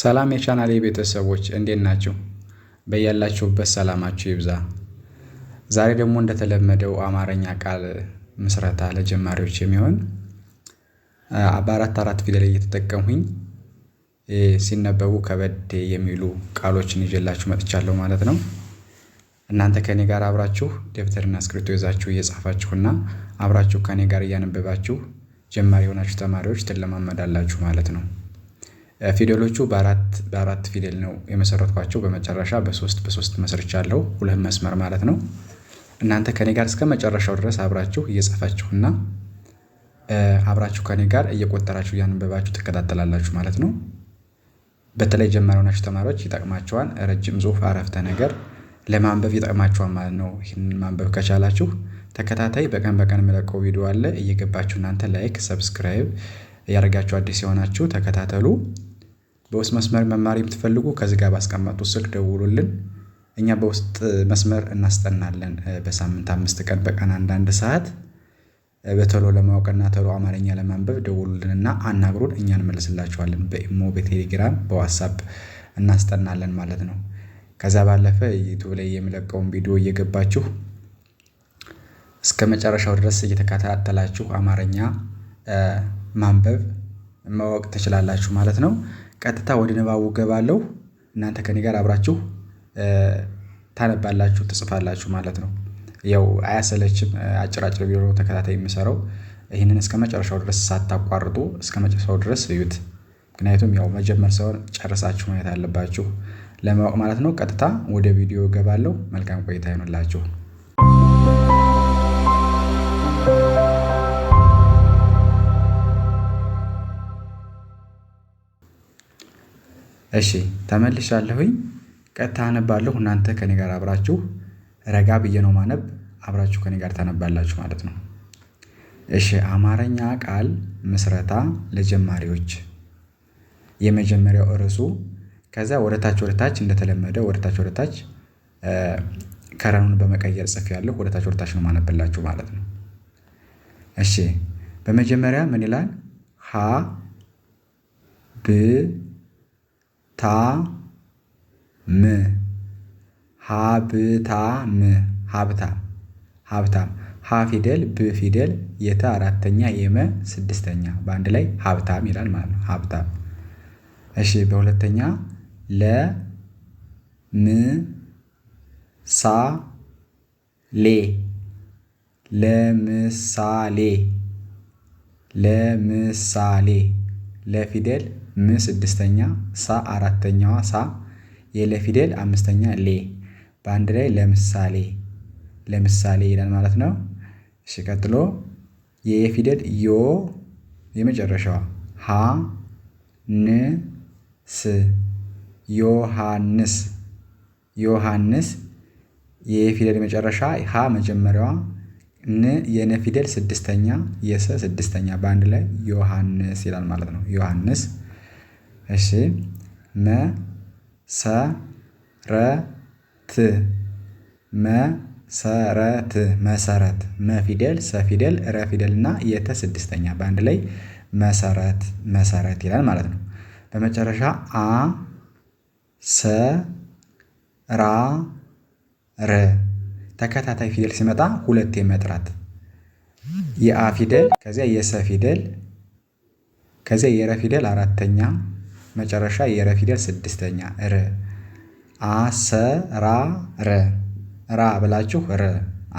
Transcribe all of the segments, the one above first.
ሰላም የቻናል ቤተሰቦች እንዴት ናቸው? በያላችሁበት ሰላማችሁ ይብዛ። ዛሬ ደግሞ እንደተለመደው አማርኛ ቃል ምስረታ ለጀማሪዎች የሚሆን በአራት አራት ፊደል እየተጠቀምሁኝ ሲነበቡ ከበድ የሚሉ ቃሎችን ይዤላችሁ መጥቻለሁ ማለት ነው። እናንተ ከኔ ጋር አብራችሁ ደብተርና እስክሪብቶ ይዛችሁ እየጻፋችሁና አብራችሁ ከኔ ጋር እያነበባችሁ ጀማሪ የሆናችሁ ተማሪዎች ትለማመዳላችሁ ማለት ነው። ፊደሎቹ በአራት ፊደል ነው የመሰረትኳቸው። በመጨረሻ በሶስት በሶስት መስርቻለሁ፣ ሁለት መስመር ማለት ነው። እናንተ ከኔ ጋር እስከ መጨረሻው ድረስ አብራችሁ እየጻፋችሁና አብራችሁ ከኔ ጋር እየቆጠራችሁ እያንበባችሁ ትከታተላላችሁ ማለት ነው። በተለይ ጀማሪ ናችሁ ተማሪዎች ይጠቅማችኋል። ረጅም ጽሑፍ፣ አረፍተ ነገር ለማንበብ ይጠቅማችኋል ማለት ነው። ይህን ማንበብ ከቻላችሁ ተከታታይ በቀን በቀን የሚለቀው ቪዲዮ አለ። እየገባችሁ እናንተ ላይክ፣ ሰብስክራይብ ያደርጋችሁ አዲስ የሆናችሁ ተከታተሉ። በውስጥ መስመር መማር የምትፈልጉ ከዚህ ጋር ባስቀመጡ ስልክ ደውሉልን። እኛ በውስጥ መስመር እናስጠናለን በሳምንት አምስት ቀን በቀን አንዳንድ ሰዓት በቶሎ ለማወቅና ቶሎ አማርኛ ለማንበብ ደውሉልንና አናግሩን። እኛ እንመልስላችኋለን። በኢሞ፣ በቴሌግራም፣ በዋትሳፕ እናስጠናለን ማለት ነው። ከዛ ባለፈ ዩቱብ ላይ የሚለቀውን ቪዲዮ እየገባችሁ እስከ መጨረሻው ድረስ እየተከታተላችሁ አማርኛ ማንበብ ማወቅ ትችላላችሁ ማለት ነው። ቀጥታ ወደ ንባቡ ገባለሁ እናንተ ከኔ ጋር አብራችሁ ታነባላችሁ ትጽፋላችሁ ማለት ነው። ያው አያሰለችም አጭር አጭር ተከታታይ የሚሰራው ይህንን እስከ መጨረሻው ድረስ ሳታቋርጡ እስከ መጨረሻው ድረስ እዩት። ምክንያቱም ያው መጀመር ሳይሆን ጨርሳችሁ ማየት አለባችሁ ለማወቅ ማለት ነው። ቀጥታ ወደ ቪዲዮ ገባለሁ መልካም ቆይታ ይሆንላችሁ። እሺ ተመልሻለሁኝ ቀጥታ አነባለሁ እናንተ ከኔ ጋር አብራችሁ ረጋ ብዬ ነው ማነብ አብራችሁ ከኔ ጋር ታነባላችሁ ማለት ነው። እሺ አማርኛ ቃል ምስረታ ለጀማሪዎች የመጀመሪያው ርዕሱ ከዛ ወደታች ወደታች እንደተለመደ ወደ ታች ከረኑን በመቀየር ጽፍ ያለሁ ወደታች ወደታች ነው ማነብላችሁ ማለት ነው። እሺ በመጀመሪያ ምን ይላል? ሀ ብ ታም ሀብታም ሀብታም ሀብታም ሀ ፊደል ብ ፊደል የተ አራተኛ የመ ስድስተኛ በአንድ ላይ ሀብታም ይላል ማለት ነው። ሀብታም እሺ። በሁለተኛ ለ ም ሳ ሌ ለምሳሌ ለምሳሌ ለፊደል ም ስድስተኛ ሳ አራተኛዋ ሳ የለ ፊደል አምስተኛ ሌ በአንድ ላይ ለምሳሌ ለምሳሌ ይላል ማለት ነው። እሺ ቀጥሎ የፊደል ዮ የመጨረሻዋ ሀ ን ስ ዮሐንስ ዮሐንስ የፊደል መጨረሻ ሀ መጀመሪያዋ ን የነ ፊደል ስድስተኛ የሰ ስድስተኛ በአንድ ላይ ዮሐንስ ይላል ማለት ነው። ዮሐንስ እሺ መ ሰ ረ ት መሰረት መሰረት መ ፊደል ሰ ፊደል ረ ፊደል እና የተ ስድስተኛ በአንድ ላይ መሰረት መሰረት ይላል ማለት ነው። በመጨረሻ አ ሰ ራ ረ ተከታታይ ፊደል ሲመጣ ሁለቴ መጥራት የአ ፊደል ከዚያ የሰ ፊደል ከዚያ የረ ፊደል አራተኛ መጨረሻ የረ ፊደል ስድስተኛ ር አሰራረ ራ ብላችሁ ር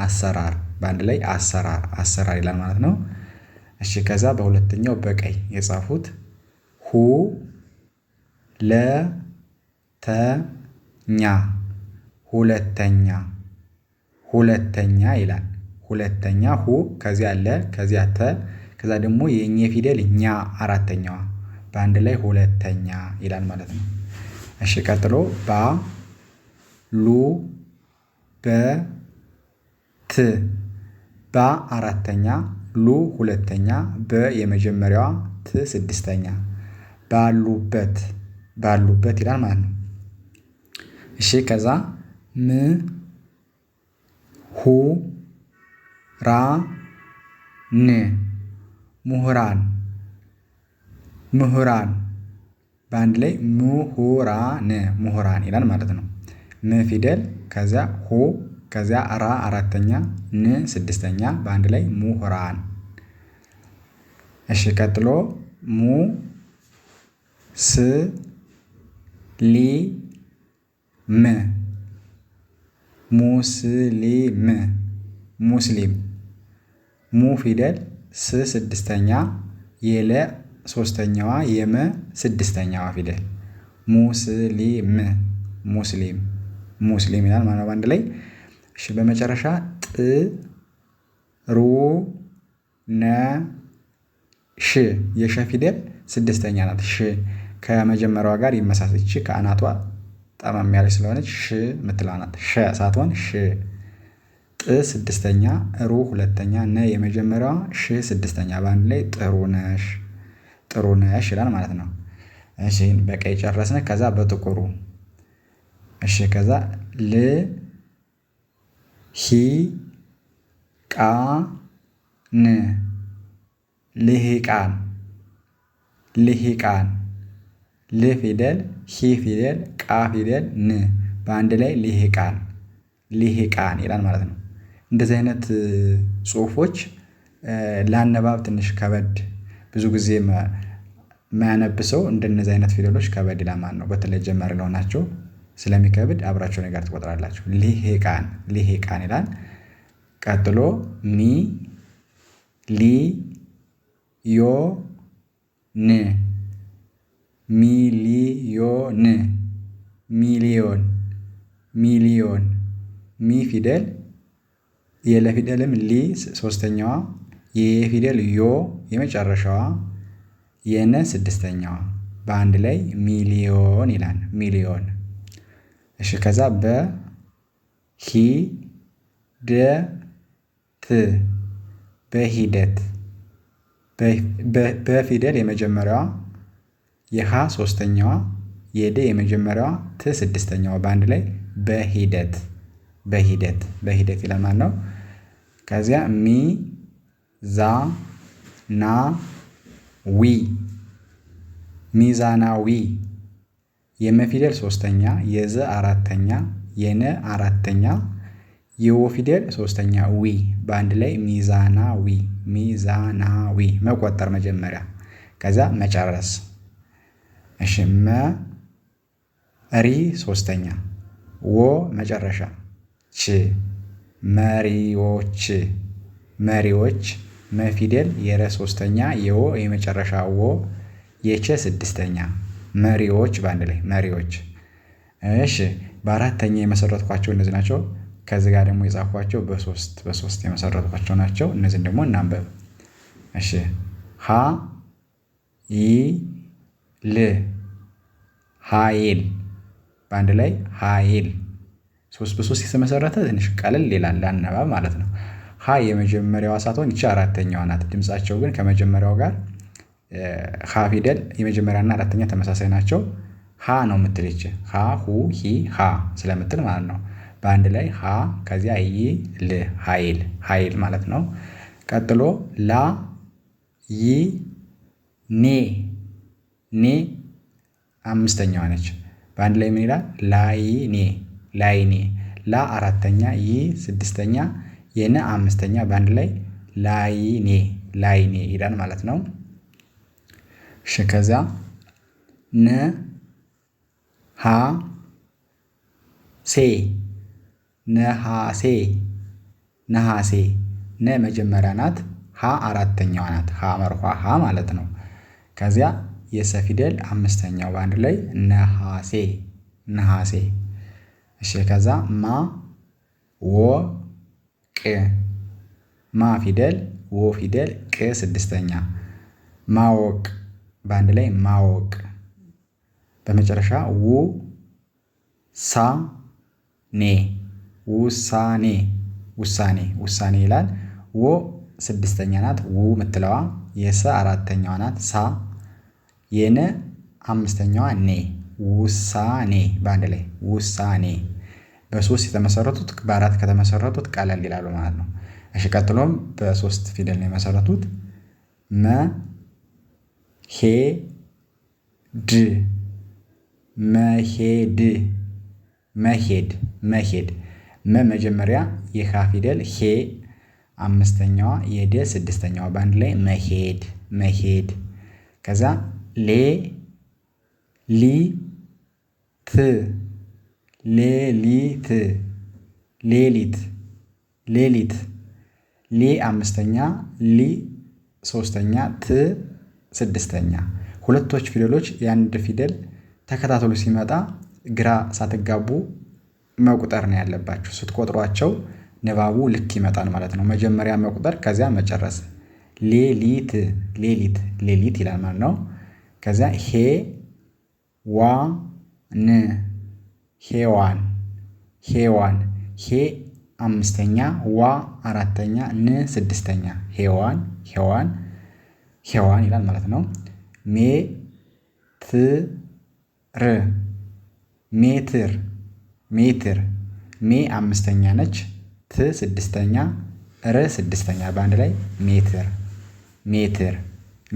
አሰራር በአንድ ላይ አሰራር አሰራር ይላል ማለት ነው። እሺ ከዛ በሁለተኛው በቀይ የጻፉት ሁ ለ ተ ኛ ሁለተኛ ሁለተኛ ይላል። ሁለተኛ ሁ ከዚያ ለ ከዚያ ተ ከዛ ደግሞ የኘ ፊደል ኛ አራተኛዋ በአንድ ላይ ሁለተኛ ይላል ማለት ነው። እሺ ቀጥሎ ባ ሉ በ ት ባ አራተኛ ሉ ሁለተኛ በ የመጀመሪያዋ ት ስድስተኛ ባሉበት ባሉበት ይላል ማለት ነው። እሺ ከዛ ም ሁ ራ ን ምሁራን ምሁራን በአንድ ላይ ምሁራን ምሁራን ይላል ማለት ነው። ም ፊደል ከዚያ ሁ ከዚያ ራ አራተኛ ን ስድስተኛ በአንድ ላይ ምሁራን። እሺ ቀጥሎ ሙ ስ ሊ ም ሙስሊም ሙስሊም ሙ ፊደል ስ ስድስተኛ የለ ሶስተኛዋ የመ ስድስተኛዋ ፊደል ሙስሊም ሙስሊም ሙስሊም ይላል ማለት ነው። አንድ ላይ እሺ። በመጨረሻ ጥሩ ነ ሽ የሸ ፊደል ስድስተኛ ናት። ሽ ከመጀመሪያዋ ጋር ይመሳሰች። ከአናቷ ጠመም ያለች ስለሆነች ሽ ምትላናት ሸ ሳትሆን ሽ። ጥ ስድስተኛ፣ ሩ ሁለተኛ፣ ነ የመጀመሪያዋ፣ ሽ ስድስተኛ። በአንድ ላይ ጥሩ ነሽ። ጥሩ ነሽ ይላል ማለት ነው። እሺ በቀይ ጨረስን። ከዛ በጥቁሩ እሺ ከዛ ል ሂ ቃ ን ልሂቃን ልሂቃን ል ፊደል ሂ ፊደል ቃ ፊደል ን በአንድ ላይ ልሂቃን ልሂቃን ይላል ማለት ነው። እንደዚህ አይነት ጽሁፎች ለአነባብ ትንሽ ከበድ ብዙ ጊዜ የማያነብ ሰው እንደነዚህ አይነት ፊደሎች ከበድ ለማን ነው። በተለይ ጀማሪ ለሆናችሁ ስለሚከብድ አብራቸው ነገር ጋር ትቆጥራላችሁ። ሊሄቃን ይላል። ቀጥሎ ኒ ሊ ዮ ን ሚሊዮን ሚሊዮን ሚሊዮን ሚ ፊደል የለፊደልም ሊ ሶስተኛዋ የፊደል ዮ የመጨረሻዋ የነ ስድስተኛዋ በአንድ ላይ ሚሊዮን ይላል። ሚሊዮን። እሺ ከዛ ት በሂደት በፊደል የመጀመሪያዋ የሃ ሶስተኛዋ የደ የመጀመሪያዋ ት ስድስተኛዋ በአንድ ላይ በሂደት በሂደት በሂደት ይለማል ነው። ከዚያ ሚ ዛ ና ዊ ሚዛናዊ የመፊደል ሶስተኛ የዘ አራተኛ የነ አራተኛ የወ ፊደል ሶስተኛ ዊ በአንድ ላይ ሚዛናዊ ሚዛናዊ መቆጠር መጀመሪያ ከዛ መጨረስ። እሺ መ ሪ ሶስተኛ ወ መጨረሻ ች መሪዎች መሪዎች መ ፊደል የረ ሶስተኛ የወ የመጨረሻ ወ የቸ ስድስተኛ መሪዎች በአንድ ላይ መሪዎች። እሺ በአራተኛ የመሰረትኳቸው እነዚህ ናቸው። ከዚህ ጋር ደግሞ የጻፍኳቸው በሶስት በሶስት የመሰረትኳቸው ናቸው። እነዚህን ደግሞ እናንበብ። እሺ ሀ ይ ል ሀይል በአንድ ላይ ሀይል። ሶስት በሶስት የተመሰረተ ትንሽ ቀለል ይላል ለአነባብ ማለት ነው። ሀ የመጀመሪያዋ ሳትሆን ይቺ አራተኛዋ ናት። ድምፃቸው ግን ከመጀመሪያው ጋር ሀ ፊደል የመጀመሪያና አራተኛ ተመሳሳይ ናቸው። ሀ ነው የምትል ይቺ ሀ ሁ ሂ ሀ ስለምትል ማለት ነው። በአንድ ላይ ሀ ከዚያ ይ ል ሀይል ሀይል ማለት ነው። ቀጥሎ ላ ይ ኔ ኔ አምስተኛዋ ነች። በአንድ ላይ ምን ይላል? ላይኔ ላይኔ ላ አራተኛ ይ ስድስተኛ የነ አምስተኛ በአንድ ላይ ላይኔ ላይኔ ይሄዳል ማለት ነው። እሺ ከዛ ነ ሀ ሴ ነሐሴ ነሐሴ ነ መጀመሪያ ናት። ሀ አራተኛዋ ናት። ሀ መርኳ ሀ ማለት ነው። ከዚያ የሰ ፊደል አምስተኛው በአንድ ላይ ነሐሴ ነሐሴ። እሺ ከዛ ማ ወ ቅ ማ ፊደል ወ ፊደል ቅ ስድስተኛ ማወቅ በአንድ ላይ ማወቅ። በመጨረሻ ው ሳ ኔ ውሳኔ ውሳኔ ውሳኔ ይላል። ወ ስድስተኛ ናት። ው ምትለዋ የሰ አራተኛዋ ናት። ሳ የነ አምስተኛዋ ኔ ውሳኔ በአንድ ላይ ውሳኔ በሶስት የተመሰረቱት በአራት ከተመሰረቱት ቀለል ይላሉ ማለት ነው። እሺ ቀጥሎም በሶስት ፊደል ነው የመሰረቱት መ ሄ ድ መሄድ መሄድ መሄድ መ መጀመሪያ የካ ፊደል ሄ አምስተኛዋ የደ ስድስተኛዋ በአንድ ላይ መሄድ መሄድ ከዛ ሌ ሊ ት ሌሊት ሌሊት ሌሊት ሌ አምስተኛ ሊ ሶስተኛ ት ስድስተኛ ሁለቶች ፊደሎች የአንድ ፊደል ተከታትሎ ሲመጣ ግራ ሳትጋቡ መቁጠር ነው ያለባችሁ። ስትቆጥሯቸው ንባቡ ልክ ይመጣል ማለት ነው። መጀመሪያ መቁጠር ከዚያ መጨረስ። ሌሊት ሌሊት ሌሊት ይላል ማለት ነው። ከዚያ ሄ ዋ ን ሄዋን ሄዋን ሄ አምስተኛ ዋ አራተኛ ን ስድስተኛ ሄዋን ሄዋን ሄዋን ይላል ማለት ነው። ሜ ት ር ሜትር ሜትር ሜ አምስተኛ ነች ት ስድስተኛ ር ስድስተኛ በአንድ ላይ ሜትር ሜትር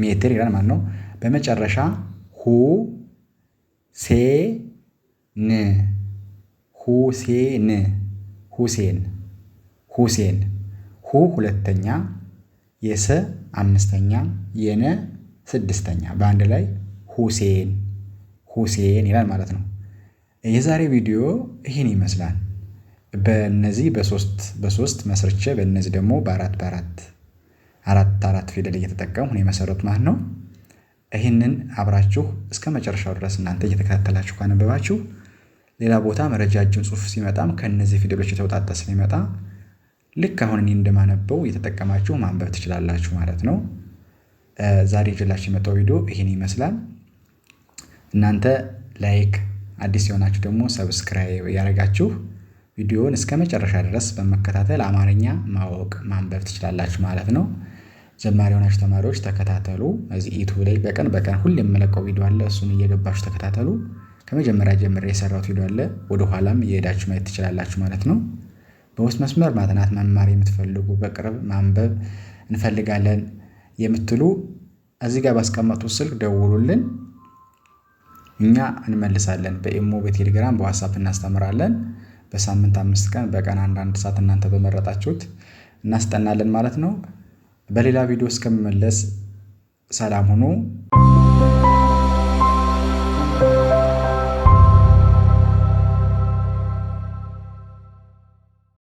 ሜትር ይላል ማለት ነው። በመጨረሻ ሁ ሴ ን ሁሴን ሁሴን ሁሴን ሁ ሁለተኛ የሰ አምስተኛ የነ ስድስተኛ በአንድ ላይ ሁሴን ሁሴን ይላል ማለት ነው። የዛሬ ቪዲዮ ይህን ይመስላል። በነዚህ በሶስት በሶስት መስርቼ በእነዚህ ደግሞ በአራት በአራት አራት አራት ፊደል እየተጠቀሙ ነው የመሰረት ማለት ነው። ይህንን አብራችሁ እስከ መጨረሻው ድረስ እናንተ እየተከታተላችሁ ካነበባችሁ ሌላ ቦታ መረጃጅም ጽሁፍ ሲመጣም ከእነዚህ ፊደሎች የተውጣጣ ስለሚመጣ ልክ አሁን እኔ እንደማነበው እየተጠቀማችሁ ማንበብ ትችላላችሁ ማለት ነው። ዛሬ ይዤላችሁ የመጣው ቪዲዮ ይህን ይመስላል። እናንተ ላይክ፣ አዲስ የሆናችሁ ደግሞ ሰብስክራይብ ያደረጋችሁ ቪዲዮውን እስከ መጨረሻ ድረስ በመከታተል አማርኛ ማወቅ ማንበብ ትችላላችሁ ማለት ነው። ጀማሪ የሆናችሁ ተማሪዎች ተከታተሉ። እዚህ ዩቱብ ላይ በቀን በቀን ሁሌ የምለቀው ቪዲዮ አለ። እሱን እየገባችሁ ተከታተሉ። ከመጀመሪያ ጀምሬ የሰራሁት ቪዲዮ አለ ወደኋላም እየሄዳችሁ ማየት ትችላላችሁ ማለት ነው። በውስጥ መስመር ማጥናት መማር የምትፈልጉ በቅርብ ማንበብ እንፈልጋለን የምትሉ እዚህ ጋር ባስቀመጡት ስልክ ደውሉልን፣ እኛ እንመልሳለን። በኢሞ በቴሌግራም በዋትሳፕ እናስተምራለን። በሳምንት አምስት ቀን በቀን አንዳንድ ሰዓት እናንተ በመረጣችሁት እናስጠናለን ማለት ነው። በሌላ ቪዲዮ እስከምመለስ ሰላም ሁኑ።